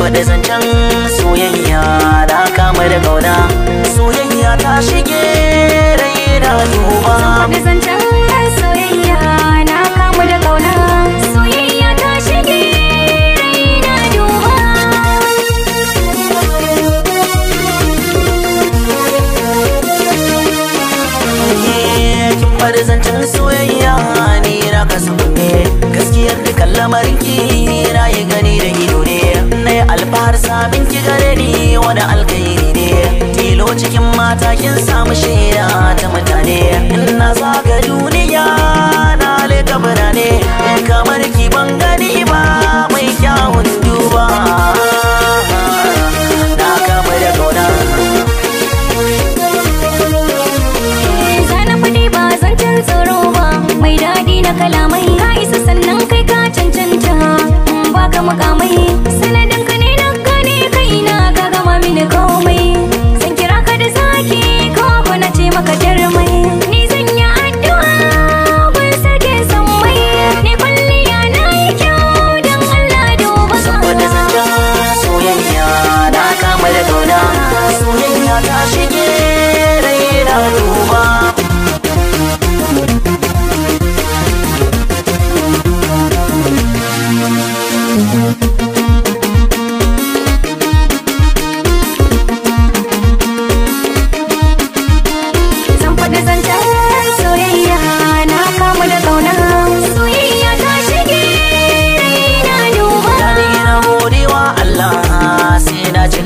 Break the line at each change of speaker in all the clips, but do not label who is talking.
faɗi zancen soyayya da kama da
soyayya ta da duba da gauna soyayya ta shige rai
da duba kin zancen soyayya gaskiyar da lamarin ki na yi gani da gida abin ki gare ni wani alkhairi ne tilo cikin mata kin samu shaida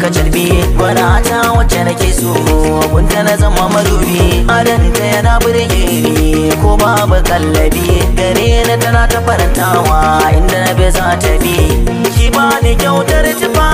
ka calbi wani ta wacce nake so gunta na zama madubi adanta yana burge ni ko babu kallabi gare tana ta farantawa inda na bai za ta bi shi ba ni kyautar tufa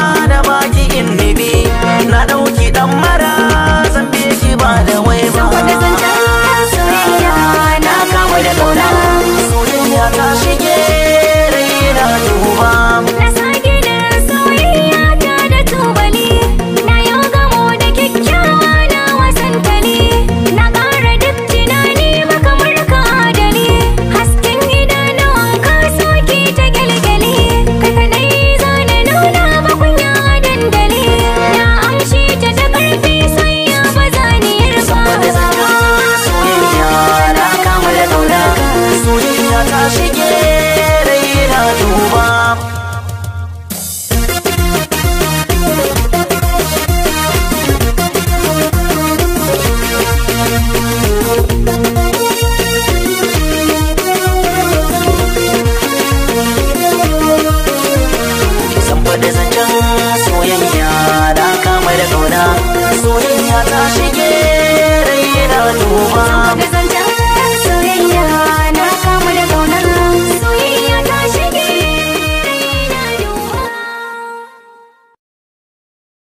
I
love you.